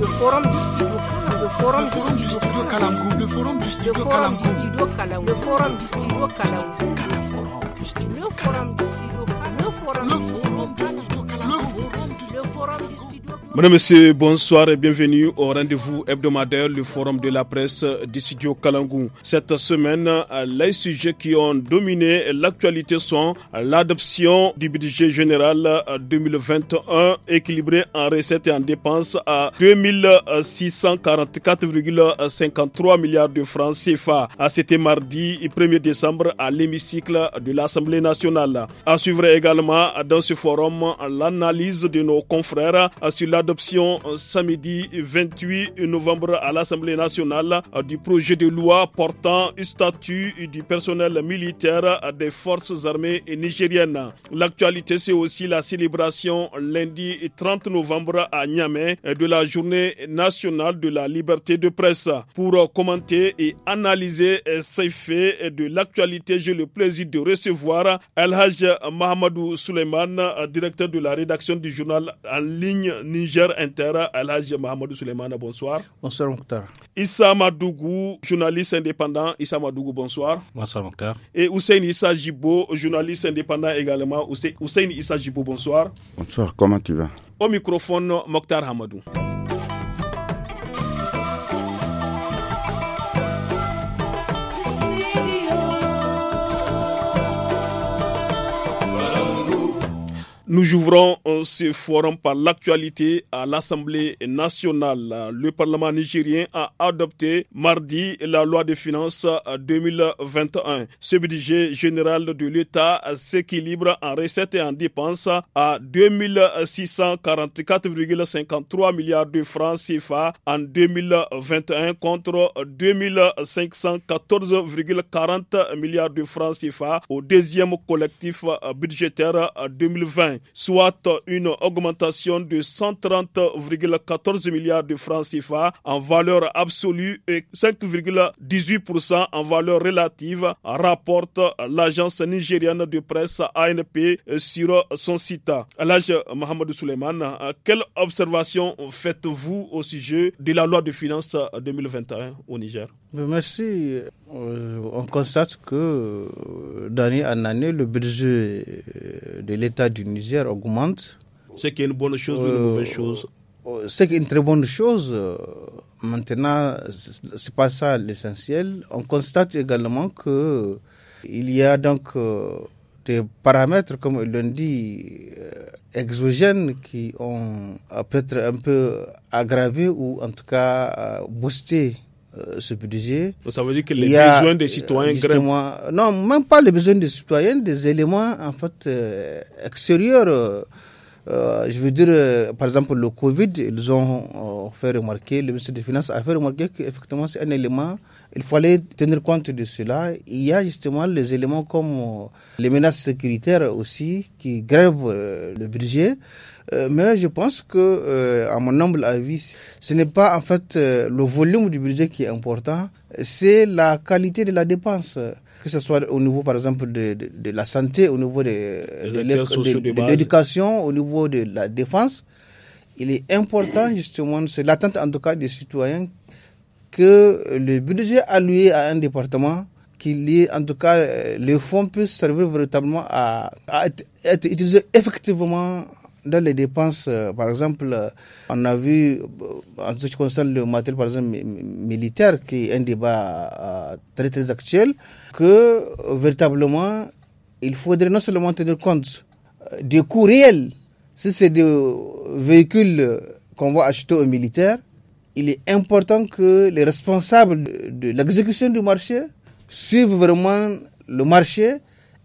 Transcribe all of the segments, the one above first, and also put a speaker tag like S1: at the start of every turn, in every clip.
S1: le forum du studio le forum du studio le forum du studio le
S2: forum du studio le forum du studio le forum du
S3: studio forum
S4: Monsieur, bonsoir et bienvenue au rendez-vous hebdomadaire, le forum de la presse du studio Kalangou. Cette semaine, les sujets qui ont dominé l'actualité sont l'adoption du budget général 2021 équilibré en recettes et en dépenses à 2644,53 milliards de francs CFA. C'était mardi 1er décembre à l'hémicycle de l'Assemblée nationale. À suivre également dans ce forum l'analyse de nos confrères sur l'adoption l'adoption euh, samedi 28 novembre à l'Assemblée nationale euh, du projet de loi portant statut du personnel militaire des forces armées nigériennes. L'actualité, c'est aussi la célébration lundi 30 novembre à Niamey de la journée nationale de la liberté de presse. Pour commenter et analyser euh, ces faits de l'actualité, j'ai le plaisir de recevoir Elhaj Mahamadou Suleiman, directeur de la rédaction du journal en ligne Niger. Niger Inter, Alhaji Mahmoud Souleymane, bonsoir.
S2: Bonsoir Mokhtar.
S4: Issa Madougou, journaliste indépendant. Issa Madougou, bonsoir.
S2: Bonsoir Mokhtar.
S4: Et Hussein Issa Jibo, journaliste indépendant également. Hussein Issa Jibo, bonsoir.
S3: Bonsoir, comment tu vas
S4: Au microphone, Mokhtar Hamadou. Nous ouvrons ce forum par l'actualité à l'Assemblée nationale. Le Parlement nigérien a adopté mardi la loi de finances 2021. Ce budget général de l'État s'équilibre en recettes et en dépenses à 2644,53 milliards de francs CFA en 2021 contre 2514,40 milliards de francs CFA au deuxième collectif budgétaire 2020 soit une augmentation de 130,14 milliards de francs CFA en valeur absolue et 5,18% en valeur relative, rapporte l'agence nigériane de presse ANP sur son site. l'âge Mohamed Suleiman, quelle observation faites-vous au sujet de la loi de finances 2021
S1: au Niger Merci. Euh, on constate que euh, d'année en année, le budget de l'État du Niger augmente.
S4: C'est qui est une bonne chose ou une euh, mauvaise chose euh,
S1: C'est une très bonne chose. Euh, maintenant, c'est pas ça l'essentiel. On constate également que il y a donc des paramètres, comme ils l'ont dit, exogènes qui ont peut-être un peu aggravé ou en tout cas boosté ce euh, budget. Ça veut dire que les besoins des citoyens euh, grèvent Non, même pas les besoins des citoyens, des éléments en fait euh, extérieurs. je veux dire, par exemple, le Covid, ils ont fait remarquer, le ministre des Finances a fait remarquer qu'effectivement, c'est un élément, il fallait tenir compte de cela. Il y a justement les éléments comme les menaces sécuritaires aussi qui grèvent le budget. Euh, mais je pense que, euh, à mon humble avis, ce n'est pas en fait euh, le volume du budget qui est important, c'est la qualité de la dépense. Que ce soit au niveau, par exemple, de, de, la santé, au niveau de, l'éducation, au niveau de la défense. Il est important, justement, c'est l'attente en tout cas des citoyens, que le budget alloué à un département qu'il y ait, en tout cas, les fonds puissent servir véritablement à, être, être utilisés effectivement dans les dépenses, euh, par exemple, euh, on a vu, euh, en ce qui concerne le matériel, par exemple, militaire, qui est un débat très, très actuel, que véritablement, il faudrait non seulement tenir compte des coûts réels, si c'est des véhicules qu'on va acheter aux militaires, il est important que les responsables de, de l'exécution du marché suivent vraiment le marché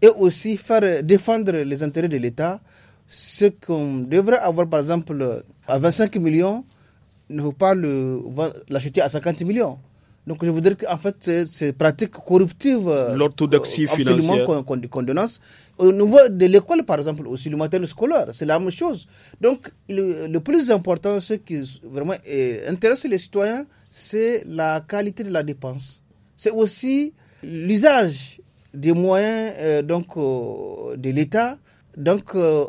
S1: et aussi faire défendre les intérêts de l'État ce qu'on devrait avoir, par exemple, à 25 millions, ne faut pas l'acheter à 50 millions. Donc je voudrais qu'en fait, ces pratiques corruptives, euh,
S4: l'orthodoxie euh, financière
S1: qu'on qu dénonce, au niveau de l'école par exemple, aussi le matin scolaire, c'est la même chose. Donc le, plus important, ce qui vraiment intéresse les citoyens, c'est la qualité de la dépense. C'est aussi l'usage des moyens euh, donc, de l'État donc, euh,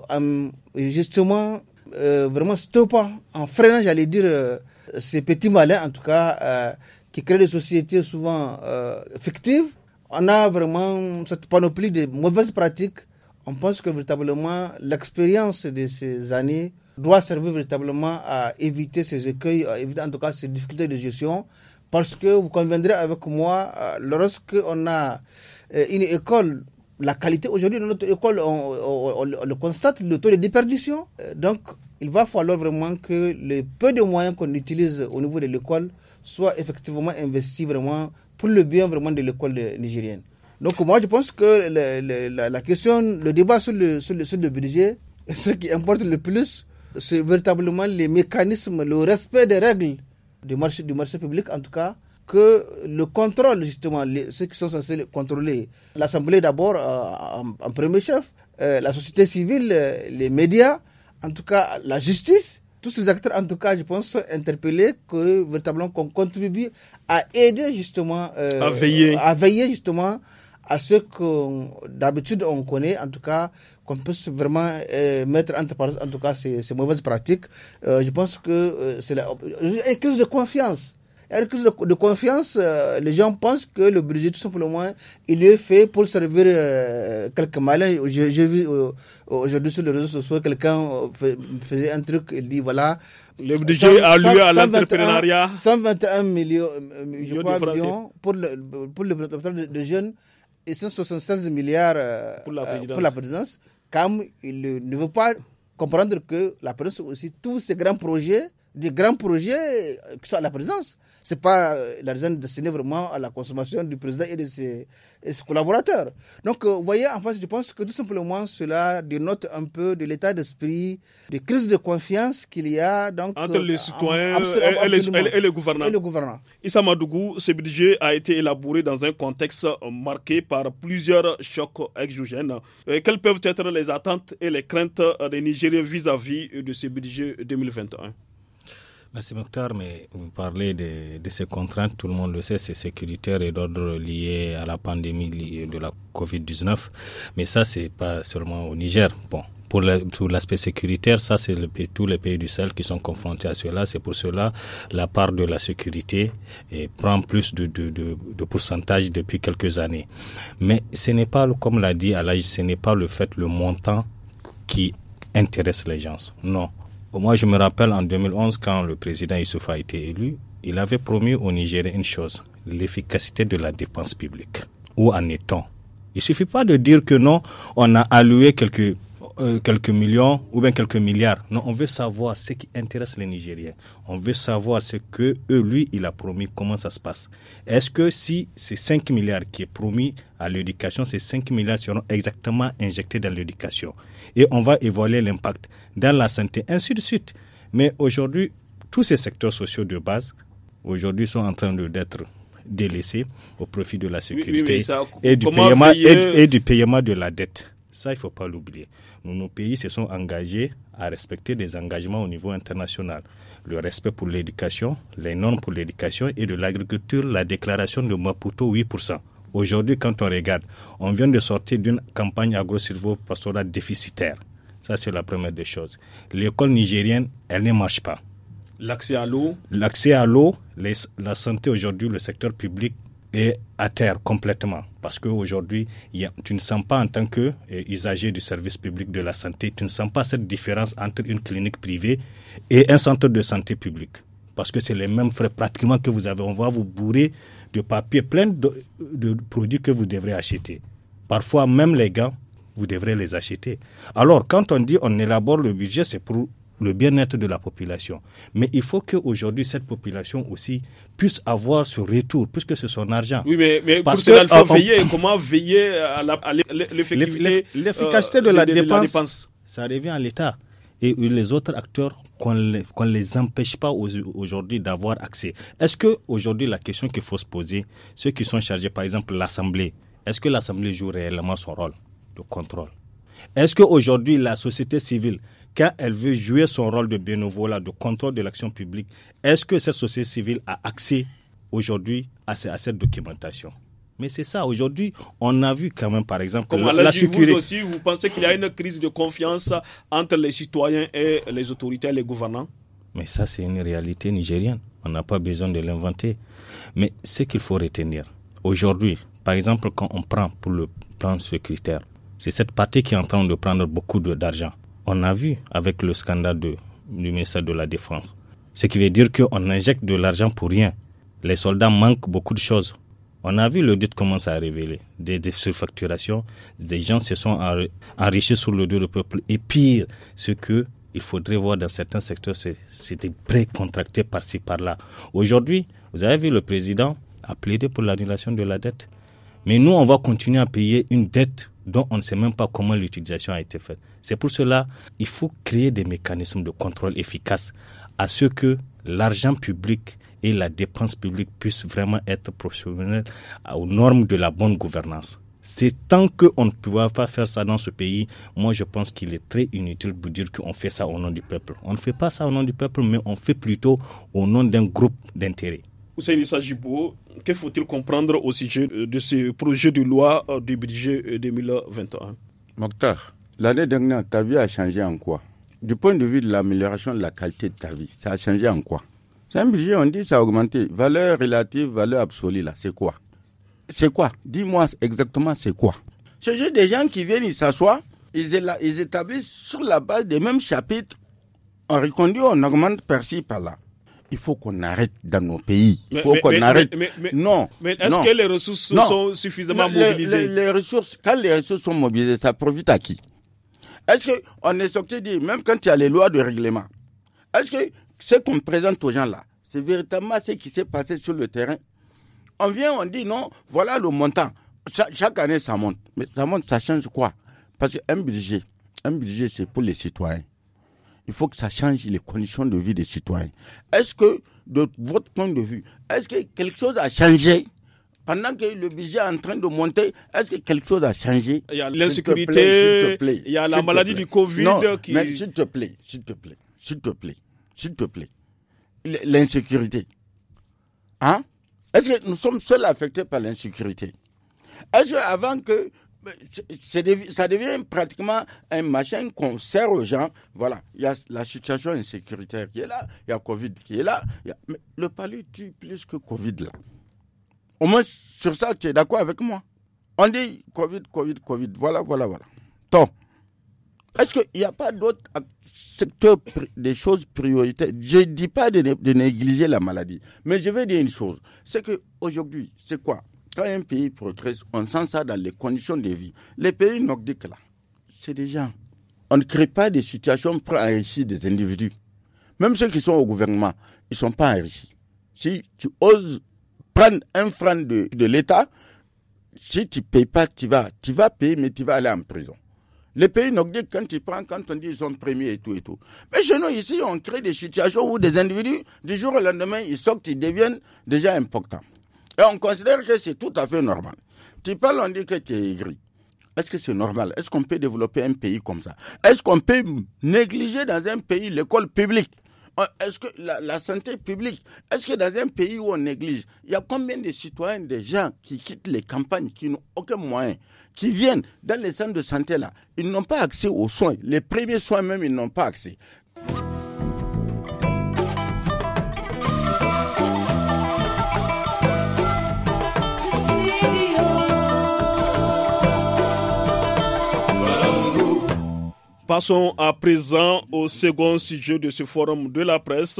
S1: justement, euh, vraiment stoppant, en freinant, j'allais dire, euh, ces petits malins, en tout cas, qui créent des sociétés souvent fictives, on a vraiment cette panoplie de mauvaises pratiques. On pense que véritablement l'expérience de ces années doit servir véritablement à éviter ces écueils, à éviter en tout cas ces difficultés de gestion, parce que vous conviendrez avec moi, lorsqu'on a une école la qualité aujourd'hui de notre école, on, le constate, le taux de déperdition. Euh, donc, il va falloir vraiment que le peu de moyens qu'on utilise au niveau de l'école soient effectivement investis vraiment pour le bien vraiment de l'école nigérienne. Donc, moi, je pense que la, la, question, le débat sur le, sur le, sur le budget, ce qui importe le plus, c'est véritablement les mécanismes, le respect des règles du marché, du marché public, en tout cas, que le contrôle, justement, ceux qui sont censés contrôler, l'Assemblée d'abord euh, en, premier chef, euh, la société civile, euh, les médias, en tout cas la justice, tous ces acteurs, en tout cas, je pense, sont interpellés que véritablement qu'on contribue à aider justement, à veiller. à, veiller. justement à ce que d'habitude on connaît, en tout cas, qu'on puisse vraiment mettre entre parenthèses, en tout cas, ces, ces mauvaises pratiques. je pense que c'est une crise de confiance de, confiance, euh, les gens pensent que le budget, tout simplement, il est fait pour servir euh, quelques malins. J'ai vu euh, aujourd'hui sur les réseaux sociaux, quelqu'un faisait un truc, il dit voilà. Le budget 100, alloué à l'entrepreneuriat. 121 millions, je pour le, pour le, de, jeunes et 176 milliards pour la, pour, présidence. Comme il ne veut pas comprendre que la présidence aussi, tous ces grands projets, des grands projets qui sont à la présidence c'est pas euh, la l'argent destiné vraiment à la consommation du président et de ses, collaborateurs. Donc, euh, vous voyez, en fait, je pense que tout simplement cela dénote un peu de l'état d'esprit, de crise de confiance qu'il y a donc, entre les euh, citoyens et, le gouvernement. et le
S4: Issa ce budget a été élaboré dans un contexte marqué par plusieurs chocs exogènes. Quelles peuvent être les attentes et les craintes des Nigériens vis à -vis de ce budget 2021
S2: Merci Mokhtar, mais vous parlez de, de, ces contraintes, tout le monde le sait, c'est sécuritaire et d'ordre lié à la pandémie de la Covid-19. Mais ça, c'est pas seulement au Niger. Bon, pour l'aspect sécuritaire, ça, c'est tous les pays du Sahel qui sont confrontés à cela. C'est pour cela la part de la sécurité eh, prend plus de, de, de, de, pourcentage depuis quelques années. Mais ce n'est pas, comme l'a dit Alaï, ce n'est pas le fait, le montant qui intéresse les gens. Non. Moi, je me rappelle en 2011, quand le président Youssouf a été élu, il avait promis au Nigeria une chose, l'efficacité de la dépense publique. Où en est-on Il suffit pas de dire que non, on a alloué quelques euh, quelques millions ou bien quelques milliards. Non, on veut savoir ce qui intéresse les Nigériens. On veut savoir ce que eux, lui, il a promis, comment ça se passe. Est-ce que si ces 5 milliards qui est promis à l'éducation, ces 5 milliards seront exactement injectés dans l'éducation Et on va évaluer l'impact dans la santé, ainsi de suite. Mais aujourd'hui, tous ces secteurs sociaux de base, aujourd'hui, sont en train d'être délaissés au profit de la sécurité et, du paiement, et du paiement de la dette. Ça, il ne faut pas l'oublier. nos pays se sont engagés à respecter des engagements au niveau international. Le respect pour l'éducation, les normes pour l'éducation et de l'agriculture, la déclaration de Maputo 8%. Aujourd'hui, quand on regarde, on vient de sortir d'une campagne agro-silvopastorale déficitaire. Ça, c'est la première des choses. L'école nigérienne, elle ne marche pas.
S4: L'accès à l'eau
S2: L'accès à l'eau, la santé aujourd'hui, le secteur public est à terre complètement. Parce qu'aujourd'hui, tu ne sens pas en tant que eh, usager du service public de la santé, tu ne sens pas cette différence entre une clinique privée et un centre de santé public. Parce que c'est les mêmes frais pratiquement que vous avez. On va vous bourrer de papiers plein de, de produits que vous devrez acheter. Parfois, même les gants, vous devrez les acheter. Alors, quand on dit on élabore le budget, c'est pour le bien-être de la population. Mais il faut qu'aujourd'hui, cette population aussi puisse avoir ce retour, puisque c'est son argent. Oui,
S4: mais, euh, Comment veiller à L'efficacité de, euh, la, dépense,
S2: ça revient à l'État et les autres acteurs qu'on les, les empêche pas aujourd'hui d'avoir accès. Est-ce que aujourd'hui la question qu'il faut se poser, ceux qui sont chargés par exemple l'Assemblée, est-ce que l'Assemblée joue réellement son rôle de contrôle est-ce qu'aujourd'hui, la société civile, quand elle veut jouer son rôle de bénévolat, de contrôle de l'action publique, est-ce que cette société civile a accès aujourd'hui à, cette documentation mais c'est ça, aujourd'hui, on a vu quand même, par exemple, la, sécurité.
S4: Vous pensez qu'il y a une crise de confiance entre les citoyens et les autorités et les gouvernants
S2: Mais ça, c'est une réalité nigérienne. On n'a pas besoin de l'inventer. Mais ce qu'il faut retenir, aujourd'hui, par exemple, quand on prend pour le plan critère. C'est cette partie qui est en train de prendre beaucoup d'argent. On a vu avec le scandale du ministère de la Défense. Ce qui veut dire qu'on injecte de l'argent pour rien. Les soldats manquent beaucoup de choses. On a vu le doute commence à révéler. Des, surfacturations, des gens se sont enrichis sur le dos du peuple. Et pire, ce que il faudrait voir dans certains secteurs, c'est c'était contractés par-ci, par-là. Aujourd'hui, vous avez vu le président a plaidé pour l'annulation de la dette. Mais nous, on va continuer à payer une dette dont on ne sait même pas comment l'utilisation a été faite. C'est pour cela il faut créer des mécanismes de contrôle efficaces à ce que l'argent public et la dépense publique puissent vraiment être professionnels aux normes de la bonne gouvernance. C'est tant qu'on ne pourra pas faire ça dans ce pays, moi je pense qu'il est très inutile de dire qu'on fait ça au nom du peuple. On ne fait pas ça au nom du peuple, mais on fait plutôt au nom d'un groupe d'intérêts.
S4: Hussein Sajibo, que faut-il comprendre au sujet euh, de ce projet de loi euh, du budget 2021 euh,
S3: Mokhtar, l'année dernière, ta vie a changé en quoi Du point de vue de l'amélioration de la qualité de ta vie, ça a changé en quoi C'est un budget, on dit ça a augmenté. Valeur relative, valeur absolue, là, c'est quoi C'est quoi Dis-moi exactement c'est quoi Ce juste des gens qui viennent, ils s'assoient, ils établissent sur la base des mêmes chapitres. On reconduit, on augmente par-ci, par-là il faut qu'on arrête dans nos pays. Il faut qu'on arrête. non. Mais est-ce que les ressources sont suffisamment mobilisées les, ressources, Quand les ressources sont mobilisées, ça profite à qui Est-ce qu'on est sorti dire, même quand il y a les lois de règlement, est-ce que ce qu'on présente aux gens là, c'est véritablement ce qui s'est passé sur le terrain On vient, on dit non, voilà le montant. chaque année, ça monte. Mais ça monte, ça change quoi Parce qu'un budget, un budget, c'est pour les citoyens il faut que ça change les conditions de vie des citoyens. Est-ce que, de votre point de vue, est-ce que quelque chose a changé pendant que le budget est en train de monter, est-ce que quelque chose a changé Il y a l'insécurité, il y a la maladie du Covid non, mais s'il te plaît, s'il te plaît, s'il te plaît, s'il te plaît, l'insécurité. Hein Est-ce que nous sommes seuls affectés par l'insécurité Est-ce qu'avant que ça devient pratiquement un machin qu'on sert aux gens. Voilà, il y a la situation insécuritaire qui est là, il y a Covid qui est là. Mais le palu tue plus que Covid là. Au moins, sur ça, tu es d'accord avec moi. On dit Covid, Covid, Covid. Voilà, voilà, voilà. Donc, est-ce qu'il n'y a pas d'autres secteurs, des choses prioritaires Je ne dis pas de, négliger la maladie, mais je vais dire une chose. C'est qu'aujourd'hui, c'est quoi quand un pays progresse, on sent ça dans les conditions de vie. Les pays nordiques, là, c'est des gens. On ne crée pas des situations pour enrichir des individus. Même ceux qui sont au gouvernement, ils ne sont pas enrichis. Si tu oses prendre un franc de, l'État, si tu ne payes pas, tu vas, tu vas payer, mais tu vas aller en prison. Les pays nordiques, quand tu prends, quand on dit ils sont premiers et tout et tout. Mais chez nous, ici, on crée des situations où des individus, du jour au lendemain, ils sortent, ils deviennent déjà importants. Et on considère que c'est tout à fait normal. Tu parles, on dit que tu es aigri. Est-ce que c'est normal Est-ce qu'on peut développer un pays comme ça Est-ce qu'on peut négliger dans un pays l'école publique euh, Est-ce que la, santé publique Est-ce que dans un pays où on néglige, il y a combien de citoyens, des gens qui quittent les campagnes, qui n'ont aucun moyen, qui viennent dans les centres de santé là Ils n'ont pas accès aux soins. Les premiers soins même, ils n'ont pas accès.
S4: Passons à présent au second sujet de ce forum de la presse,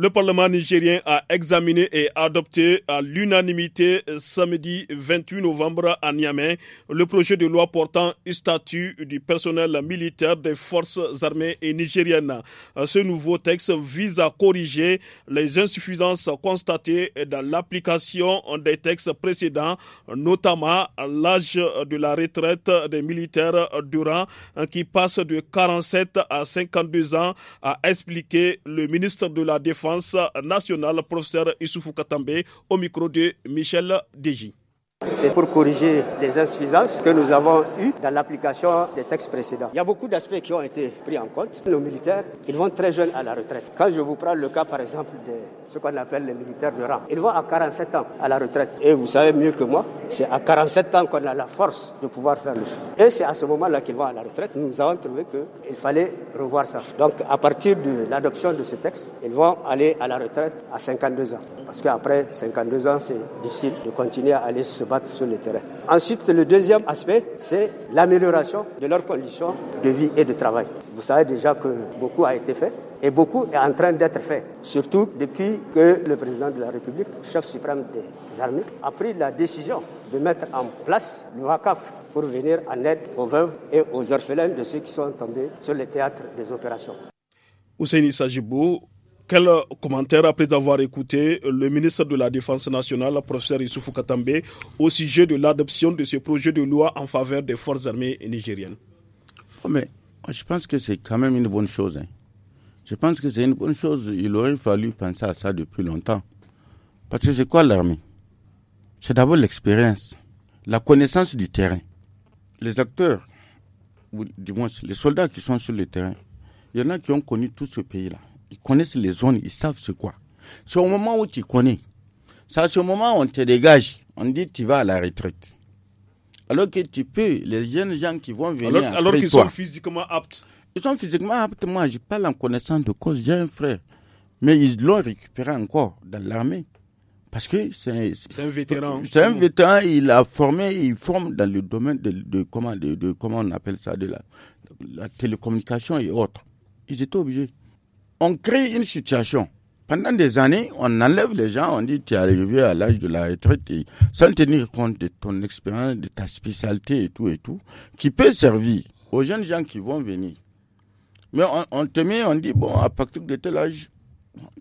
S4: le Parlement nigérien a examiné et adopté à l'unanimité euh, samedi 28 novembre à Niamey le projet de loi portant statut du personnel militaire des forces armées et nigériennes. Euh, ce nouveau texte vise à corriger les insuffisances constatées dans l'application des textes précédents, notamment l'âge de la retraite des militaires durant euh, qui passe de 47 à 52 ans, a expliqué le ministre de la Défense défense nationale, professeur Issoufou Katambe, au micro de Michel Deji.
S5: C'est pour corriger les insuffisances que nous avons eues dans l'application des textes précédents. Il y a beaucoup d'aspects qui ont été pris en compte. Nos militaires, ils vont très jeunes à la retraite. Quand je vous prends le cas, par exemple, de ce qu'on appelle les militaires de rang, ils vont à 47 ans à la retraite. Et vous savez mieux que moi, c'est à 47 ans qu'on a la force de pouvoir faire le choix. Et c'est à ce moment-là qu'ils vont à la retraite. Nous avons trouvé qu'il fallait revoir ça. Donc, à partir de l'adoption de ce texte, ils vont aller à la retraite à 52 ans. Parce qu'après 52 ans, c'est difficile de continuer à aller se battre sur le terrain. Ensuite, le deuxième aspect, c'est l'amélioration de leurs conditions de vie et de travail. Vous savez déjà que beaucoup a été fait et beaucoup est en train d'être fait, surtout depuis que le président de la République, chef suprême des armées, a pris la décision de mettre en place le WACAF pour venir en aide aux veuves et aux orphelins de ceux qui sont tombés sur le théâtre des opérations.
S4: Ousseini Sajibou, quel commentaire après avoir écouté le ministre de la Défense nationale, professeur Issoufou Katambe, au sujet de l'adoption de ce projet de loi en faveur des forces armées nigériennes
S3: oh, Mais je pense que c'est quand même une bonne chose. Hein. Je pense que c'est une bonne chose. Il aurait fallu penser à ça depuis longtemps. Parce que c'est quoi l'armée C'est d'abord l'expérience, la connaissance du terrain. Les acteurs, ou du moins les soldats qui sont sur le terrain, il y en a qui ont connu tout ce pays-là. Ils connaissent les zones, ils savent c'est quoi. C'est au moment où tu connais. C'est à ce moment où on te dégage. On dit tu vas à la retraite. Alors que tu peux, les jeunes gens qui vont venir. Alors, alors qu'ils sont physiquement aptes. Ils sont physiquement aptes. Moi, je parle en connaissance de cause. J'ai un frère. Mais ils l'ont récupéré encore dans l'armée. Parce que c'est un vétéran. C'est un vétéran, il a formé, il forme dans le domaine de, comment, de, comment on appelle ça, de la télécommunication et autres. Ils étaient obligés on crée une situation. Pendant des années, on enlève les gens, on dit tu es arrivé à l'âge de la retraite sans tenir compte de ton expérience, de ta spécialité et tout et tout, qui peut servir aux jeunes gens qui vont venir. Mais on, te met, on dit bon, à partir de tel âge,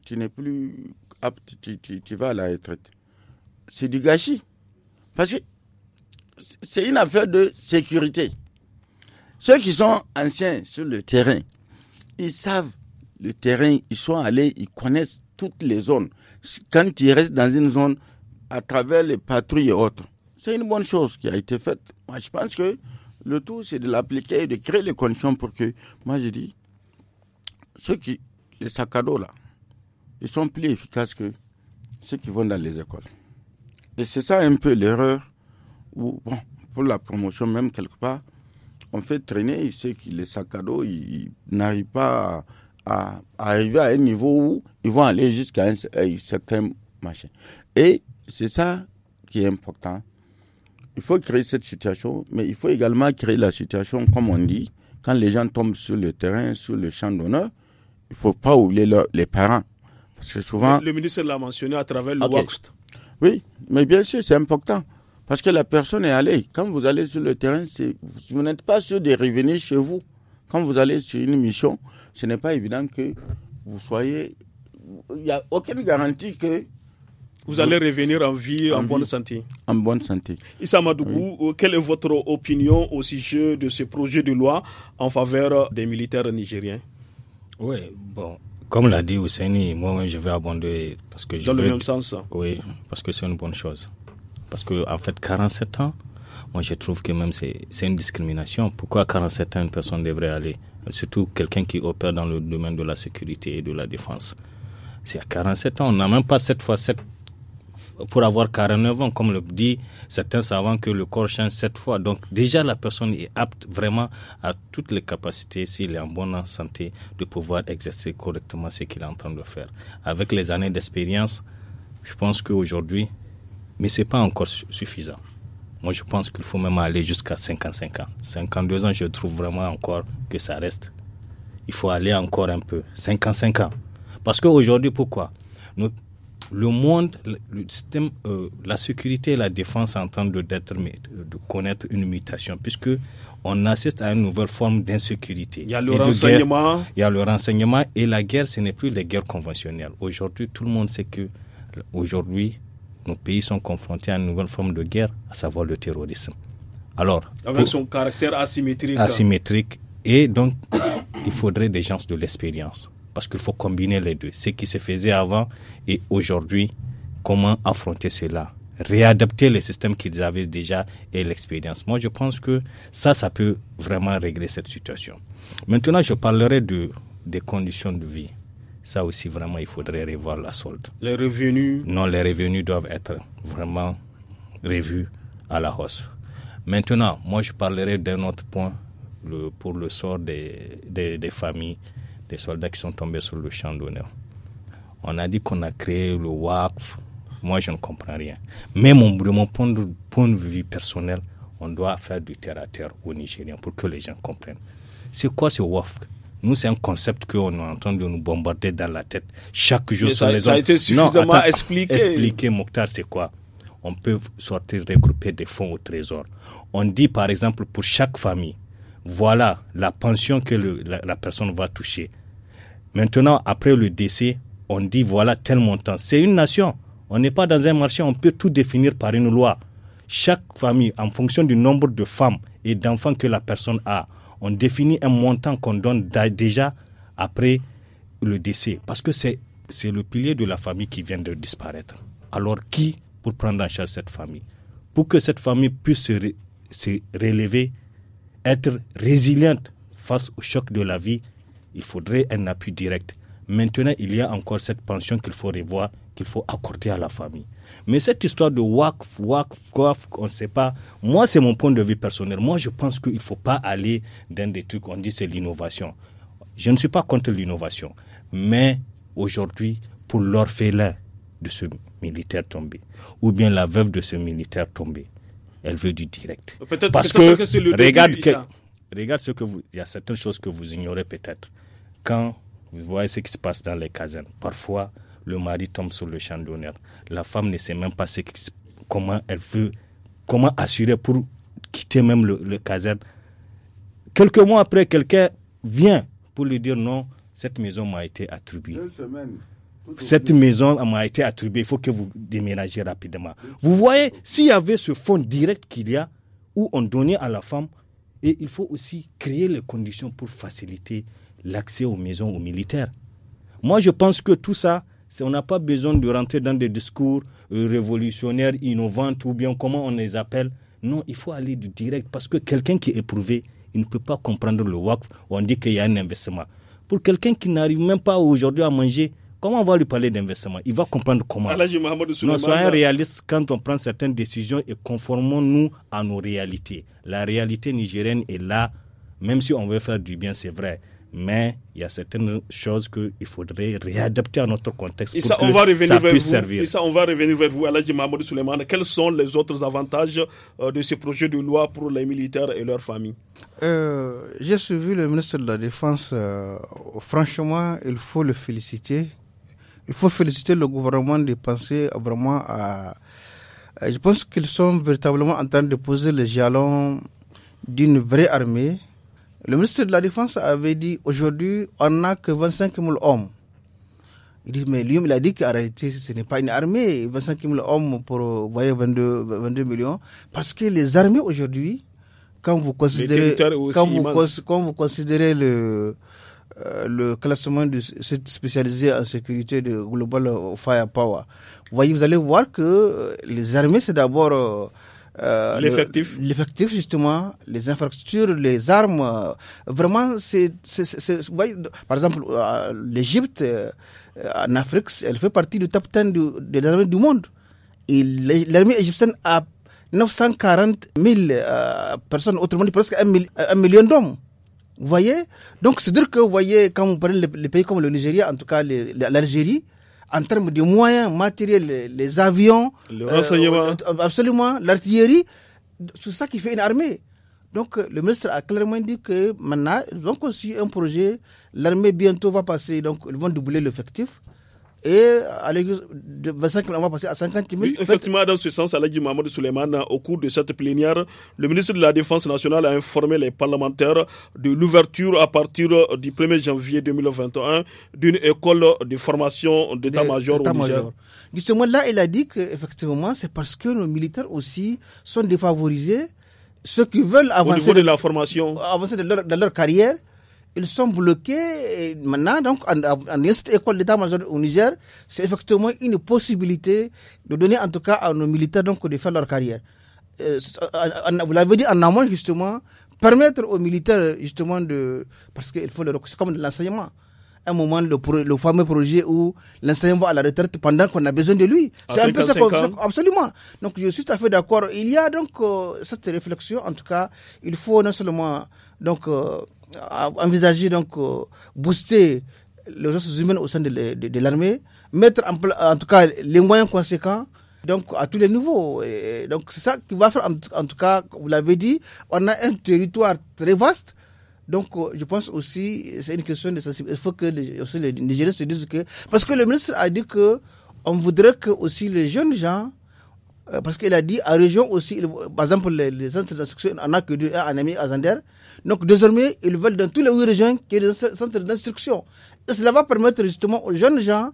S3: tu n'es plus apte, tu vas à la retraite. C'est du gâchis. Parce que c'est une affaire de sécurité. Ceux qui sont anciens sur le terrain, ils savent le terrain, ils sont allés, ils connaissent toutes les zones. Quand ils restent dans une zone, à travers les patrouilles et autres, c'est une bonne chose qui a été faite. Moi, je pense que le tout, c'est de l'appliquer et de créer les conditions pour que, moi, je dis, ceux qui, les sacs à dos, là, ils sont plus efficaces que ceux qui vont dans les écoles. Et c'est ça un peu l'erreur où, bon, pour la promotion même, quelque part, on fait traîner ceux qui, les sacs à dos, ils, n'arrivent pas à arriver à un niveau où ils vont aller jusqu'à un, euh, certain machin. Et c'est ça qui est important. Il faut créer cette situation, mais il faut également créer la situation, comme on dit, quand les gens tombent sur le terrain, sur le champ d'honneur, il ne faut pas oublier les parents. Parce que souvent. Le ministre l'a mentionné
S4: à travers le okay.
S3: Oui, mais bien sûr, c'est important. Parce que la personne est allée. Quand vous allez sur le terrain, vous n'êtes pas sûr de revenir chez vous. Quand vous allez sur une mission, ce n'est pas évident que vous soyez. Il n'y a aucune garantie que.
S4: Vous allez revenir en vie, en, bonne santé.
S3: En bonne santé. Issa Madougou,
S4: euh, quelle est votre opinion au sujet de ce projet de loi en faveur des militaires nigériens Oui, bon, comme l'a dit
S2: Ousseini, moi je vais abonder parce que dans le même sens. Oui, parce que c'est une bonne chose. Parce qu'en en fait, 47 ans, moi je trouve que même c'est une discrimination. Pourquoi 47 ans une personne devrait aller Surtout quelqu'un qui opère dans le domaine de la sécurité et de la défense. C'est à 47 ans, on n'a même pas cette fois 7 pour avoir 49 ans, comme le dit certains savants, que le corps change 7 fois. Donc déjà, la personne est apte vraiment à toutes les capacités, s'il est en bonne santé, de pouvoir exercer correctement ce qu'il est en train de faire. Avec les années d'expérience, je pense qu'aujourd'hui, mais c'est pas encore suffisant. Moi, je pense qu'il faut même aller jusqu'à 55 ans. 52 ans, je trouve vraiment encore que ça reste. Il faut aller encore un peu. 55 ans. Parce qu'aujourd'hui, pourquoi Le monde, le système, euh, la sécurité et la défense en train de, de connaître une mutation, puisque on assiste à une nouvelle forme d'insécurité. Il y a le renseignement. il y a le renseignement et la guerre, ce n'est plus les guerres conventionnelles. Aujourd'hui, tout le monde sait que aujourd'hui, nos pays sont confrontés à une nouvelle forme de guerre, à savoir le terrorisme. Alors, Avec son
S4: caractère asymétrique.
S2: Asymétrique. Et donc, il faudrait des gens de l'expérience. Parce qu'il faut combiner les deux. Ce qui se faisait avant et aujourd'hui, comment affronter cela réadapter les systèmes qu'ils avaient déjà et l'expérience. Moi, je pense que ça, ça peut vraiment régler cette situation. Maintenant, je parlerai de, des conditions de vie ça aussi vraiment il faudrait revoir la solde. Les revenus Non, les revenus doivent être vraiment revus à la hausse. Maintenant, moi je parlerai d'un autre point le, pour le sort des, des, familles, des soldats qui sont tombés sur le champ d'honneur. On a dit qu'on a créé le WACF. Moi, je ne comprends rien. Mais mon, mon point de, point de vue personnel, on doit faire du terre à terre aux Nigériens pour que les gens comprennent. C'est quoi ce WACF nous, c'est un concept qu'on est en train de nous bombarder dans la tête. Chaque jour, ça, les ça a été suffisamment expliqué. Expliquer, Mokhtar, c'est quoi On peut sortir, regrouper des fonds au trésor. On dit, par exemple, pour chaque famille, voilà la pension que la, la personne va toucher. Maintenant, après le décès, on dit, voilà tel montant. C'est une nation. On n'est pas dans un marché, on peut tout définir par une loi. Chaque famille, en fonction du nombre de femmes et d'enfants que la personne a, on définit un montant qu'on donne déjà après le décès. Parce que c'est le pilier de la famille qui vient de disparaître. Alors qui pour prendre en charge cette famille Pour que cette famille puisse se, se relever, être résiliente face au choc de la vie, il faudrait un appui direct. Maintenant, il y a encore cette pension qu'il faut revoir, qu'il faut accorder à la famille. Mais cette histoire de work, work, work, on ne sait pas. Moi, c'est mon point de vue personnel. Moi, je pense qu'il ne faut pas aller dans des trucs, on dit c'est l'innovation. Je ne suis pas contre l'innovation. Mais aujourd'hui, pour l'orphelin de ce militaire tombé, ou bien la veuve de ce militaire tombé, elle veut du direct. Parce que, regarde, que, regarde ce que vous. Il y a certaines choses que vous ignorez peut-être. Quand vous voyez ce qui se passe dans les casernes, parfois, le mari tombe sur le champ d'honneur. La femme ne sait même pas ce, comment elle veut, comment assurer pour quitter même le, caserne. Quelques mois après, quelqu'un vient pour lui dire non, cette maison m'a été attribuée. Cette maison m'a été attribuée, il faut que vous déménagez rapidement. Vous voyez, s'il y avait ce fonds direct qu'il y a, où on donnait à la femme, et il faut aussi créer les conditions pour faciliter l'accès aux maisons aux militaires. Moi, je pense que tout ça, on n'a pas besoin de rentrer dans des discours euh, révolutionnaires, innovants, ou bien comment on les appelle. Non, il faut aller du direct parce que quelqu'un qui est éprouvé, il ne peut pas comprendre le WACF on dit qu'il y a un investissement. Pour quelqu'un qui n'arrive même pas aujourd'hui à manger, comment on va lui parler d'investissement Il va comprendre comment. non soyons réalistes quand on prend certaines décisions et conformons-nous à nos réalités. La réalité nigérienne est là, même si on veut faire du bien, c'est vrai mais il y a certaines choses qu'il faudrait réadapter à notre contexte pour que va revenir ça vers puisse vous. servir. ça,
S4: on va revenir vers vous, Mahmoud Quels sont les autres avantages euh, de ce projet de loi pour les militaires et leurs familles
S1: euh, J'ai suivi le ministre de la Défense. Euh, oh, franchement, il faut le féliciter. Il faut féliciter le gouvernement de penser vraiment à... Je pense qu'ils sont véritablement en train de poser les jalons d'une vraie armée le ministre de la Défense avait dit aujourd'hui, on n'a que 25 000 hommes. Il dit, mais lui, il a dit qu'en réalité, ce n'est pas une armée, 25 000 hommes pour, euh, voyez, 22, 22 millions. Parce que les armées aujourd'hui, quand vous considérez, quand le, euh, le classement de spécialisé en sécurité de Global Firepower, voyez, vous allez voir que euh, les armées, c'est d'abord euh, l'effectif. l'effectif, justement, les infrastructures, les armes. Euh, vraiment, c'est. Par exemple, euh, l'Égypte, en Afrique, elle fait partie du top 10 de l'armée du monde. Et l'armée égyptienne a 940 000 personnes, autrement dit presque un million d'hommes. Vous voyez Donc, c'est dire que, vous voyez, quand vous parlez les pays comme le Nigeria, en tout cas l'Algérie, en termes de moyens matériels, les, avions, euh, euh, absolument, l'artillerie, c'est ça qui fait une armée. Donc euh, le ministre a clairement dit que maintenant, ils ont conçu un projet, l'armée bientôt va passer, donc ils vont doubler l'effectif et à de 25 000, on va passer à 50 000. effectivement,
S4: dans ce sens, Mahmoud au cours de cette plénière, le ministre de la Défense nationale a informé les parlementaires de l'ouverture à partir du 1er janvier 2021 d'une école de formation d'état-major au Niger.
S1: Justement, là, il a dit qu'effectivement, c'est parce que nos militaires aussi sont défavorisés. Ceux qui veulent avancer. Au de, la formation. Avancer dans leur carrière ils sont bloqués. maintenant, donc, en, en école d'état-major au Niger, c'est effectivement une possibilité de donner, en tout cas, à nos militaires donc, de faire leur carrière. Euh, vous l'avez dit en amont, justement, permettre aux militaires, justement, de. Parce qu'il faut le. C'est comme l'enseignement un moment le, fameux projet où l'enseignant va à la retraite pendant qu'on a besoin de lui. C'est un peu ça Absolument. Donc je suis tout à fait d'accord. Il y a donc euh, cette réflexion, en tout cas, il faut non seulement donc euh, envisager donc euh, booster les ressources humaines au sein de, l'armée, mettre en, tout cas les moyens conséquents donc à tous les niveaux. donc c'est ça qui va faire, en, tout cas, vous l'avez dit, on a un territoire très vaste. Donc euh, je pense aussi, c'est une question de sensibilité. Il faut que les, aussi se disent que... Parce que le ministre a dit que on voudrait que aussi les jeunes gens... Euh, parce qu'il a dit, à région aussi, par exemple, les, centres d'instruction, on a que deux, un ami à Zander. Donc désormais, ils veulent dans tous les huit régions qu'il y ait des centres d'instruction. Et cela va permettre justement aux jeunes gens,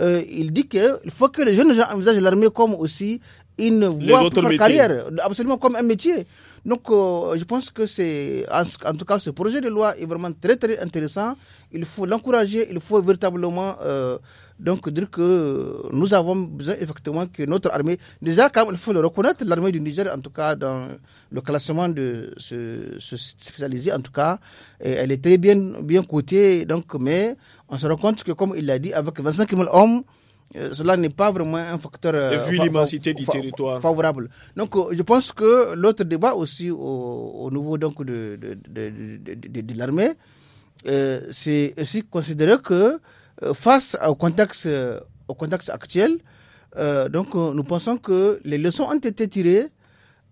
S1: euh, il dit qu'il faut que les jeunes gens envisagent l'armée comme aussi une voie pour carrière, absolument comme un métier. Donc, euh, je pense que c'est, en, tout cas, ce projet de loi est vraiment très, très intéressant. Il faut l'encourager, il faut véritablement, euh, donc, dire que nous avons besoin effectivement que notre armée, déjà, quand il faut le reconnaître, l'armée du Niger, en tout cas, dans le classement de ce, spécialisé, en tout cas, elle est très bien, bien cotée, donc, mais on se rend compte que, comme il l'a dit, avec 25 000 hommes, euh, cela n'est pas vraiment un facteur euh, favorable. Donc euh, je pense que l'autre débat aussi au, nouveau niveau donc de, de, de, de, de l'armée, c'est aussi considérer que face au contexte au contexte actuel, donc nous pensons que les leçons ont été tirées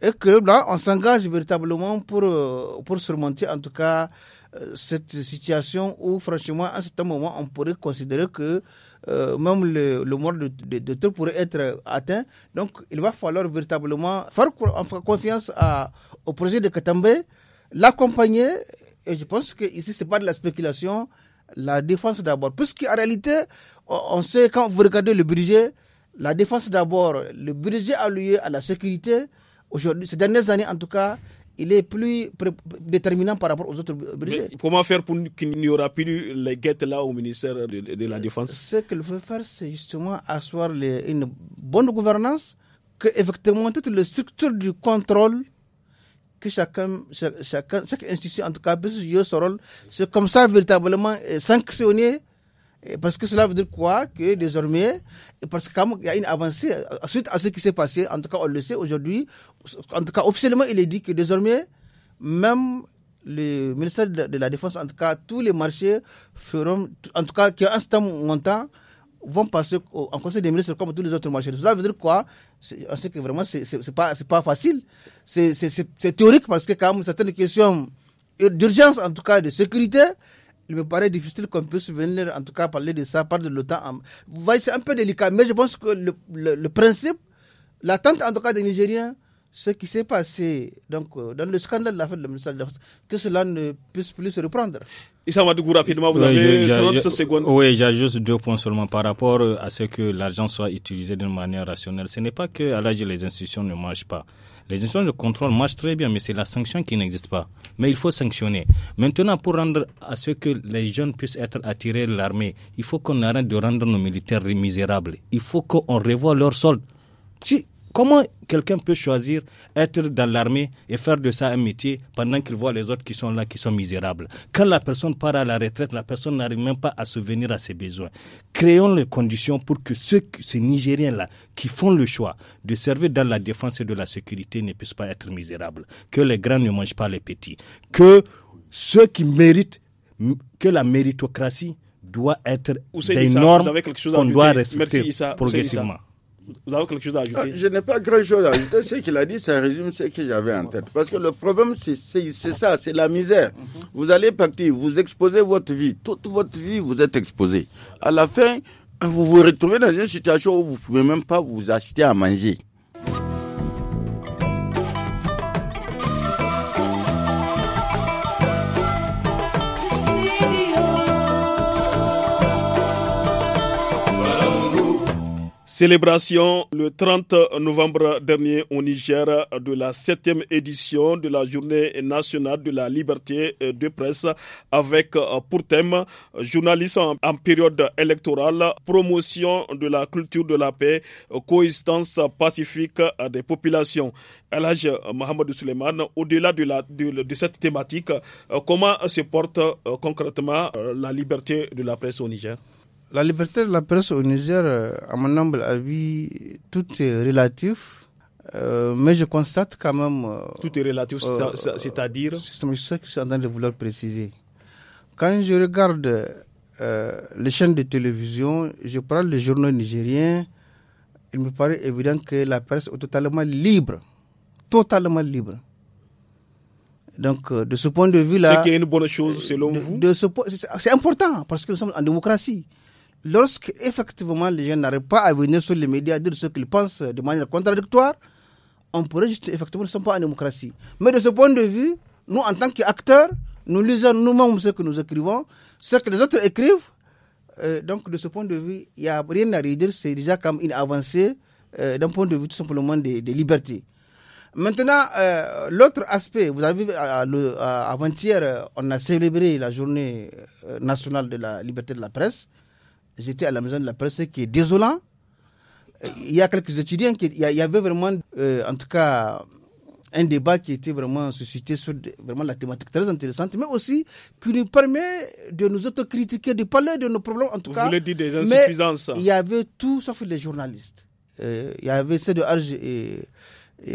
S1: et que là on s'engage véritablement pour pour surmonter en tout cas cette situation où franchement à un certain moment on pourrait considérer que euh, même le, le mort de, de, pourrait être atteint. Donc, il va falloir véritablement faire confiance à, au projet de Katambe, l'accompagner. Et je pense que ici, c'est pas de la spéculation, la défense d'abord. Puisqu'en réalité, on sait, quand vous regardez le budget, la défense d'abord, le budget alloué à la sécurité, aujourd'hui, ces dernières années en tout cas, il est plus déterminant par rapport aux autres budgets.
S4: comment faire pour qu'il n'y aura plus les guettes là au ministère de, la euh, Défense Ce qu'il
S1: veut faire, c'est justement asseoir une bonne gouvernance, que effectivement toute la structure du contrôle que chacun, chaque, chacun, chaque institution en tout cas puisse jouer son rôle. C'est comme ça véritablement sanctionner parce que cela veut dire quoi Que désormais, parce qu'il y a une avancée euh, suite à ce qui s'est passé, en tout cas on le sait aujourd'hui, en tout cas officiellement il est dit que désormais, même le ministère de la Défense, en tout cas tous les marchés feront, en tout cas qui ont un certain montant, vont passer au, en conseil des ministres comme tous les autres marchés. Cela veut dire quoi On sait que vraiment c'est pas, pas facile, c'est théorique parce que quand même certaines questions d'urgence, en tout cas de sécurité, il me paraît difficile qu'on puisse venir, en tout cas, parler de ça, parler de l'OTAN. c'est un peu délicat, mais je pense que le, principe, l'attente, en tout cas, des Nigériens, ce qui s'est passé donc, euh, dans le scandale de la ministre de la que cela ne puisse plus se reprendre. Issa coup
S4: rapidement, vous avez 30
S2: secondes. Oui, j'ai juste deux points seulement par rapport à ce que l'argent soit utilisé d'une manière rationnelle. Ce n'est pas que à l'âge les institutions ne marchent pas. Les institutions de contrôle marchent très bien, mais c'est la sanction qui n'existe pas. Mais il faut sanctionner. Maintenant, pour rendre à ce que les jeunes puissent être attirés de l'armée, il faut qu'on arrête de rendre nos militaires misérables. Il faut qu'on revoie leur soldes. Comment quelqu'un peut choisir être dans l'armée et faire de ça un métier pendant qu'il voit les autres qui sont là, qui sont misérables Quand la personne part à la retraite, la personne n'arrive même pas à se venir à ses besoins. Créons les conditions pour que ceux, ces Nigériens-là qui font le choix de servir dans la défense et de la sécurité ne puissent pas être misérables. Que les grands ne mangent pas les petits. Que ceux qui méritent, que la méritocratie doit être des normes doit respecter progressivement.
S3: Vous avez quelque chose à ajouter ah, Je n'ai pas grand-chose à ajouter. Ce qu'il a dit, ça résume ce que j'avais en tête. Parce que le problème, c'est ça, c'est la misère. Vous allez partir, vous exposez votre vie. Toute votre vie, vous êtes exposé. À la fin, vous vous retrouvez dans une situation où vous ne pouvez même pas vous acheter à manger.
S4: Célébration le 30 novembre dernier au Niger de la septième édition de la Journée nationale de la liberté de presse avec euh, pour thème journalisme en période électorale, promotion de la culture de la paix, coexistence pacifique des populations. Elhaj Mohamed Suleiman, au-delà de cette thématique, euh, comment se porte euh, concrètement la liberté de la presse au Niger?
S1: La liberté de la presse au Niger, euh, à mon humble avis, tout est relatif. Euh, mais je constate quand même. Euh, tout est relatif, c'est-à-dire C'est ce que je suis en train de vouloir préciser. Quand je regarde les chaînes de télévision, je parle des journaux nigériens, il me paraît évident que la presse est totalement libre. Totalement libre. Donc, de ce point de vue-là. Ce une bonne chose, selon vous C'est important, parce que nous sommes en démocratie lorsque effectivement les gens n'arrivent pas à venir sur les médias dire ce qu'ils pensent de manière contradictoire, on pourrait juste effectivement ne sommes pas en démocratie. Mais de ce point de vue, nous en tant qu'acteurs, nous lisons nous-mêmes ce que nous écrivons, ce que les autres écrivent. Euh, donc de ce point de vue, il n'y a rien à redire, c'est déjà comme une avancée euh, d'un point de vue tout simplement des, libertés. Maintenant, euh, l'autre aspect, vous avez avant-hier, on a célébré la journée nationale de la liberté de la presse j'étais à la maison de la presse, qui est désolant. Euh, il y a quelques étudiants qui, il y avait vraiment, euh, en tout cas, un débat qui était vraiment suscité sur vraiment la thématique très intéressante, mais aussi qui nous permet de nous autocritiquer, de parler de nos problèmes en tout Vous cas. Voulez dire des insuffisances. Mais il y avait tout sauf les journalistes. Euh, il y avait ceux de Arge et,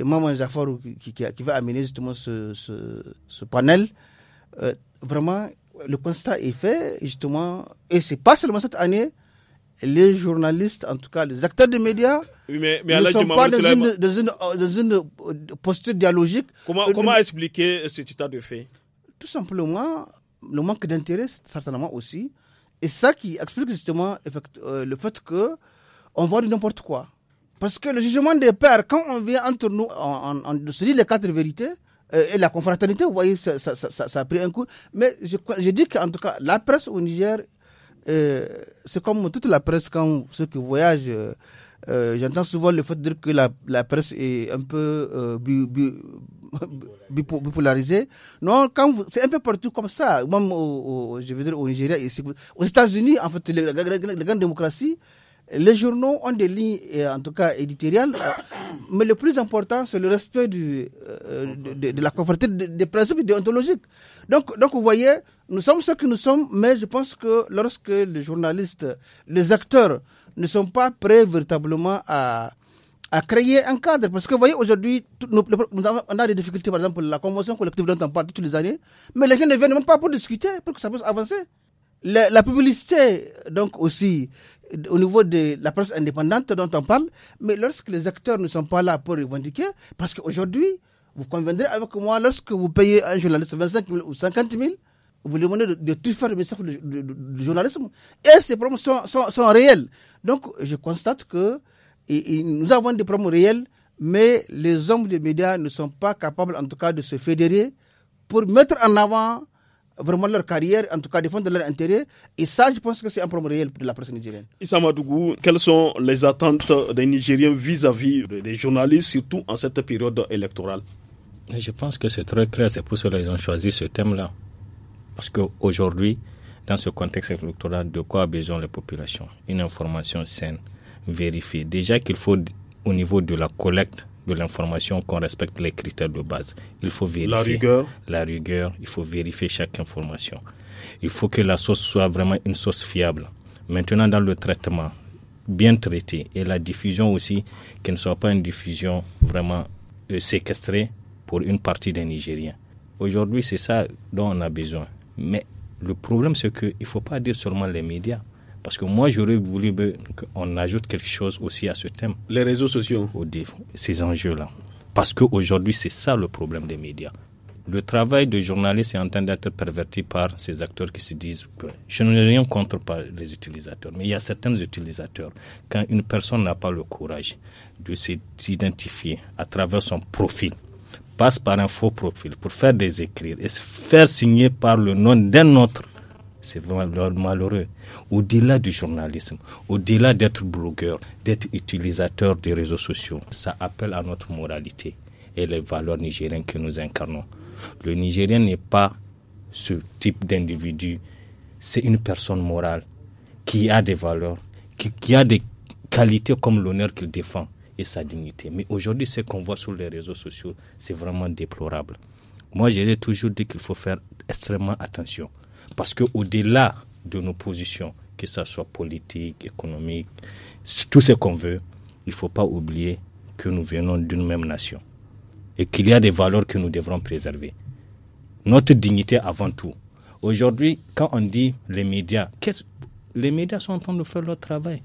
S1: Maman Jaffar qui, qui, va amener justement ce, ce, panel. vraiment, le constat est fait, justement, et c'est pas seulement cette année, les journalistes, en tout cas les acteurs des médias,
S4: ne sont pas dans une,
S1: dans, une, euh, posture dialogique. Comment, euh, comment euh, expliquer ce état de fait Tout simplement, le manque d'intérêt, certainement aussi. Et ça qui explique justement le fait que on voit du n'importe quoi. Parce que le jugement des pères, quand on vient entre nous, on se dit les quatre vérités, euh, et la confraternité, vous voyez, ça, ça, ça, a pris un coup. Mais je, je dis qu'en tout cas, la presse au Niger, euh, c'est comme toute la presse quand ceux qui voyagent. Euh, j'entends souvent le fait de dire que la, la presse est un peu euh, bipolarisée. Non, quand c'est un peu partout comme ça. Même au, je veux dire au Nigeria, ici, aux États-Unis, en fait, la grande les grandes démocraties, les journaux ont des lignes, euh, en tout cas éditoriales, euh, mais le plus important, c'est le respect du, euh, de, la conformité des, principes déontologiques. Donc, donc, vous voyez, nous sommes ce que nous sommes, mais je pense que lorsque les journalistes, les acteurs ne sont pas prêts véritablement à, créer un cadre. Parce que vous voyez, aujourd'hui, nous, on a des difficultés, par exemple, pour la convention collective dont on parle toutes les années, mais les gens ne viennent même pas pour discuter, pour que ça puisse avancer. la, publicité, donc aussi, au niveau de la presse indépendante dont on parle, mais lorsque les acteurs ne sont pas là pour revendiquer, parce qu'aujourd'hui, vous conviendrez avec moi, lorsque vous payez un journaliste 25 000 ou 50 000, vous lui demandez de, tout faire le message du journalisme. Et ces problèmes sont, sont, réels. Donc, je constate que nous avons des problèmes réels, mais les hommes des médias ne sont pas capables, en tout cas, de se fédérer pour mettre en avant vraiment leur carrière, en tout cas défendre leur intérêt. Et ça, je pense que c'est un problème réel de la presse nigérienne.
S4: Issa quelles sont les attentes des Nigériens vis-à-vis des journalistes, surtout en cette période électorale
S2: Je pense que c'est très clair, c'est pour cela qu'ils ont choisi ce thème-là. Parce qu'aujourd'hui, dans ce contexte électoral, de quoi a besoin la population Une information saine, vérifiée. Déjà qu'il faut, au niveau de la collecte de l'information, qu'on respecte les critères de base. Il faut vérifier. La rigueur. La rigueur, il faut vérifier chaque information. Il faut que la source soit vraiment une source fiable. Maintenant, dans le traitement, bien traité et la diffusion aussi, qu'elle ne soit pas une diffusion vraiment euh, séquestrée pour une partie des Nigériens. Aujourd'hui, c'est ça dont on a besoin. Mais le problème, c'est qu'il ne faut pas dire seulement les médias. Parce que moi, j'aurais voulu qu'on ajoute quelque chose aussi à ce thème. Les réseaux sociaux. ces enjeux-là. Parce qu'aujourd'hui, c'est ça le problème des médias. Le travail de journaliste est en train d'être perverti par ces acteurs qui se disent que je n'ai rien contre les utilisateurs, mais il y a certains utilisateurs, quand une personne n'a pas le courage de s'identifier à travers son profil, passe par un faux profil pour faire des écrits et se faire signer par le nom d'un autre c'est vraiment malheureux. Au-delà du journalisme, au-delà d'être blogueur, d'être utilisateur des réseaux sociaux, ça appelle à notre moralité et les valeurs nigériennes que nous incarnons. Le Nigérien n'est pas ce type d'individu. C'est une personne morale qui a des valeurs, qui, qui a des qualités comme l'honneur qu'il défend et sa dignité. Mais aujourd'hui, ce qu'on voit sur les réseaux sociaux, c'est vraiment déplorable. Moi, j'ai toujours dit qu'il faut faire extrêmement attention. Parce qu'au-delà de nos positions, que ce soit politique, économique, tout ce qu'on veut, il ne faut pas oublier que nous venons d'une même nation et qu'il y a des valeurs que nous devrons préserver. Notre dignité avant tout. Aujourd'hui, quand on dit les médias, les médias sont en train de faire leur travail.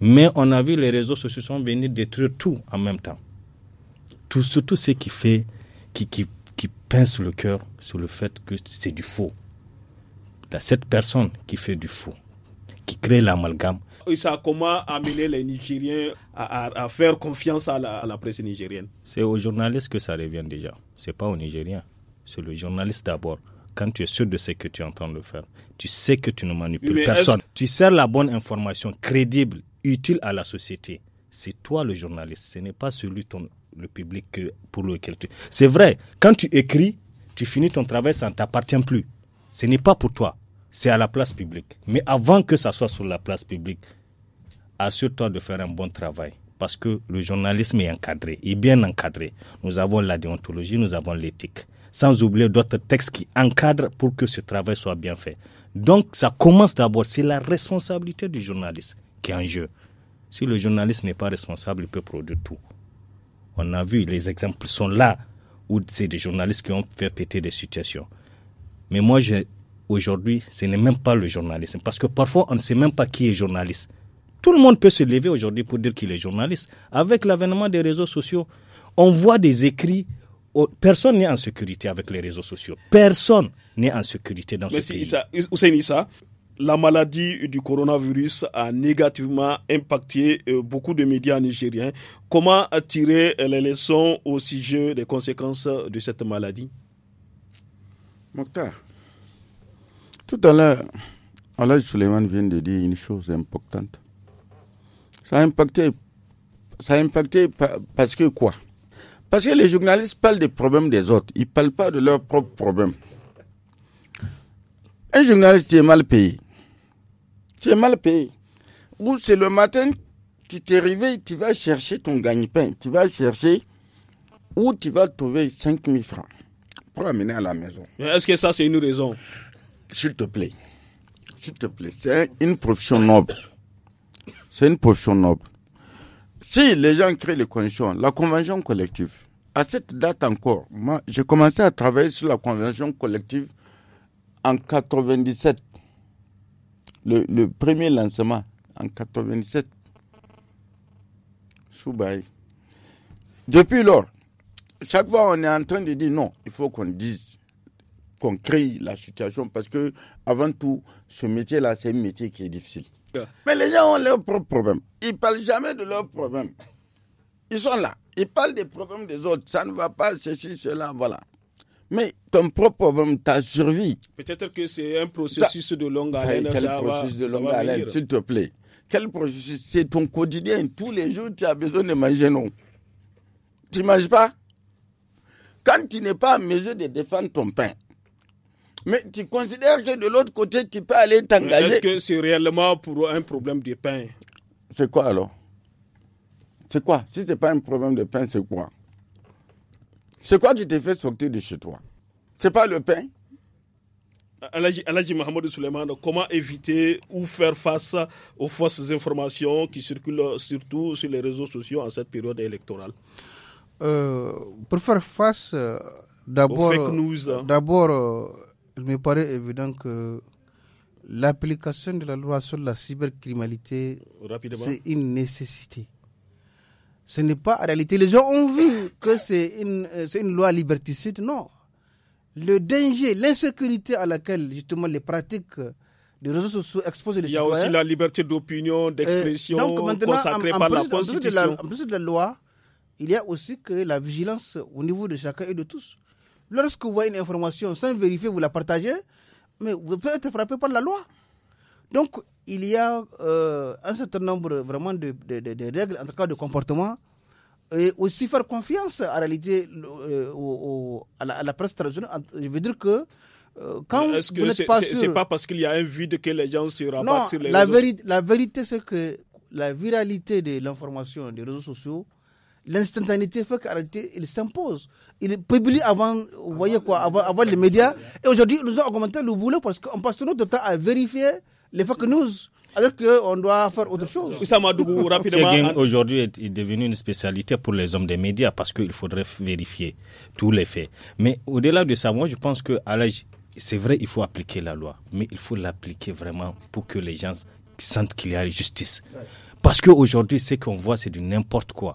S2: Mais on a vu les réseaux sociaux sont venus détruire tout en même temps. Tout, ce qui fait, qui, qui, qui pince le cœur sur le fait que c'est du faux cette personne qui fait du faux, qui crée l'amalgame.
S4: Ça comment amener les Nigériens à, faire confiance à la, presse nigérienne
S2: C'est aux journalistes que ça revient déjà. C'est pas aux Nigériens. C'est le journaliste d'abord. Quand tu es sûr de ce que tu es en train de faire, tu sais que tu ne manipules personne. Tu sers la bonne information crédible, utile à la société. C'est toi le journaliste. Ce n'est pas celui ton, le public que, pour lequel tu. C'est vrai. Quand tu écris, tu finis ton travail, ça ne t'appartient plus. Ce n'est pas pour toi c'est à la place publique. Mais avant que ça soit sur la place publique, assure-toi de faire un bon travail. Parce que le journalisme est encadré, est bien encadré. Nous avons la déontologie, nous avons l'éthique. Sans oublier d'autres textes qui encadrent pour que ce travail soit bien fait. Donc ça commence d'abord, c'est la responsabilité du journaliste qui est en jeu. Si le journaliste n'est pas responsable, il peut produire tout. On a vu, les exemples sont là, où c'est des journalistes qui ont fait péter des situations. Mais moi, je aujourd'hui, ce n'est même pas le journalisme. Parce que parfois, on ne sait même pas qui est journaliste. Tout le monde peut se lever aujourd'hui pour dire qu'il est journaliste. Avec l'avènement des réseaux sociaux, on voit des écrits. Oh, personne n'est en sécurité avec les réseaux sociaux. Personne n'est en sécurité dans ce
S4: pays. Issa, la maladie du coronavirus a négativement impacté euh, beaucoup de médias nigériens. Comment tirer les leçons au sujet des conséquences de cette maladie Mokhtar,
S3: tout à l'heure, Alain Suleiman vient de dire une chose importante. Ça a impacté, ça a impacté parce que quoi Parce que les journalistes parlent des problèmes des autres, ils ne parlent pas de leurs propres problèmes. Un journaliste est mal payé. Tu es mal payé. Ou c'est le matin, tu t'es réveillé, tu vas chercher ton gagne-pain, tu vas chercher où tu vas trouver 5 000 francs pour amener à la maison. Est-ce que ça, c'est une raison s'il te plaît, s'il te plaît, c'est une profession noble. C'est une profession noble. Si les gens créent les conditions, la convention collective, à cette date encore, moi, j'ai commencé à travailler sur la convention collective en 97. Le, premier lancement, en 97. Depuis lors, chaque fois, on est en train de dire non, il faut qu'on dise qu'on crée la situation parce que, avant tout, ce métier-là, c'est un métier qui est difficile. Ah. Mais les gens ont leurs propres problèmes. Ils parlent jamais de leurs problèmes. Ils sont là. Ils parlent des problèmes des autres. Ça ne va pas, ceci, cela, voilà. Mais ton propre problème, ta survie. Peut-être que c'est un processus de
S4: longue haleine. Quel processus de longue haleine, s'il te
S3: plaît Quel processus C'est ton quotidien. Tous les jours, tu as besoin de manger, non Tu ne manges pas Quand tu n'es pas en mesure de défendre ton pain, mais tu considères que de l'autre côté, tu peux aller t'engager. Est-ce que
S4: c'est réellement pour un problème de pain
S3: C'est quoi alors C'est quoi Si ce n'est pas un problème de pain, c'est quoi C'est quoi qui te fait sortir de chez toi C'est pas le pain
S4: Alaji Mohamed Suleiman, comment éviter ou faire face aux fausses informations qui circulent surtout sur les réseaux sociaux en cette période électorale
S1: euh, Pour faire face, euh, d'abord, hein. d'abord euh, il me paraît évident que l'application de la loi sur la cybercriminalité, c'est une nécessité. Ce n'est pas en réalité. Les gens ont vu que euh, c'est une, loi liberticide. Non. Le danger, l'insécurité à laquelle justement les pratiques des réseaux sociaux exposent les citoyens. Il y a aussi
S4: la liberté d'opinion, euh, d'expression consacrée par la Constitution. la, en
S1: plus de la loi, il y a aussi que la vigilance au niveau de chacun et de tous. Lorsque vous voyez une information sans vérifier, vous la partagez, mais vous pouvez être frappé par la loi. Donc, il y a euh, un certain nombre vraiment de, règles, en tout cas de comportement, et aussi faire confiance euh, à, la, presse traditionnelle. Je veux dire que euh, quand Est-ce que c'est, pas sûr, pas parce qu'il
S4: y a un vide que les gens se rabattent sur les la la
S1: vérité, c'est que la viralité de l'information des réseaux sociaux l'instantanéité fait qu'en il s'impose. Il publié avant, vous voyez quoi, avant, les médias. Et aujourd'hui, nous avons augmenté le boulot parce qu'on passe tout notre temps à vérifier les fake news. Alors qu'on doit faire autre chose. rapidement.
S2: Aujourd'hui est devenu une spécialité pour les hommes des médias parce qu'il faudrait vérifier tous les faits. Mais au-delà de ça, moi je pense que l'âge, c'est vrai, il faut appliquer la loi, mais il faut l'appliquer vraiment pour que les gens sentent qu'il y a justice. Parce qu'aujourd'hui, ce qu'on voit, c'est du n'importe quoi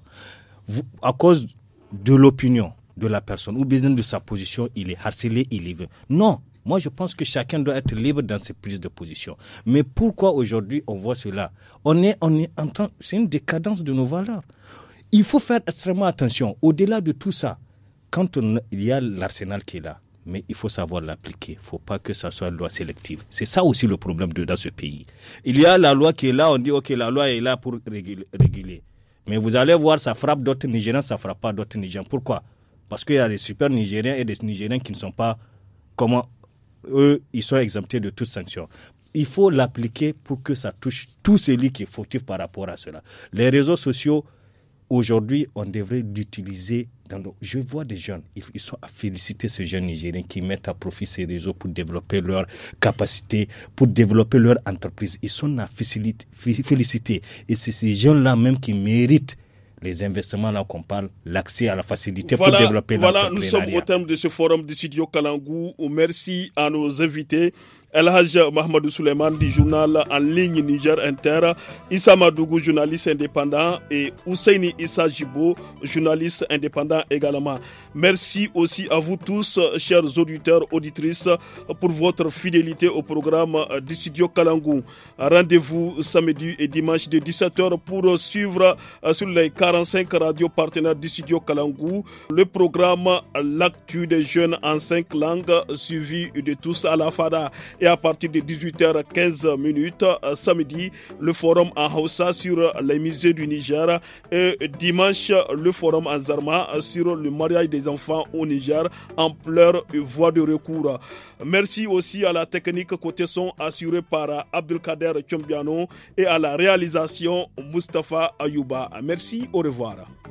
S2: à cause de l'opinion de la personne ou bien de sa position, il est harcelé, il est Non, moi, je pense que chacun doit être libre dans ses prises de position. Mais pourquoi aujourd'hui on voit cela On est, on est en train, c'est une décadence de nos valeurs. Il faut faire extrêmement attention. Au-delà de tout ça, quand il y a l'arsenal qui est là, mais il faut savoir l'appliquer. Il ne faut pas que ça soit une loi sélective. C'est ça aussi le problème de, dans ce pays. Il y a la loi qui est là, on dit, OK, la loi est là pour réguler. Mais vous allez voir, ça frappe d'autres Nigériens, ça frappe pas d'autres Nigériens. Pourquoi Parce qu'il y a des super Nigériens et des Nigériens qui ne sont pas comment eux, ils sont exemptés de toute sanction. Il faut l'appliquer pour que ça touche tout celui qui est fautif par rapport à cela. Les réseaux sociaux, Aujourd'hui, on devrait l'utiliser dans nos... Je vois des jeunes, ils sont à féliciter ces jeunes Nigériens qui mettent à profit ces réseaux pour développer leurs capacités, pour développer leur entreprise. Ils sont à féliciter. Et c'est ces jeunes-là même qui méritent les investissements là qu'on parle, l'accès à la facilité pour développer Voilà, nous sommes au
S4: terme de ce forum de Studio Kalangou. Merci à nos invités. El Hajj Mahmoud Suleiman du journal en ligne Niger Inter, Issa Madougou, journaliste indépendant, et Ousseini Issa Jibo, journaliste indépendant également. Merci aussi à vous tous, chers auditeurs, auditrices, pour votre fidélité au programme Dissidio Kalangou. Rendez-vous samedi et dimanche de 17h pour suivre euh, sur les 45 radios partenaires Dissidio Kalangou le programme L'actu des jeunes en cinq langues suivi de tous à la FADA et à partir de 18h15 euh, samedi, le forum en Hausa sur euh, les musées du Niger et dimanche, le forum en Zarma euh, sur le mariage des enfants au Niger en pleurs et de recours. Merci aussi à la technique côté son assurée par Abdelkader Chombiano et à la réalisation Mustapha Ayouba. Merci, au revoir.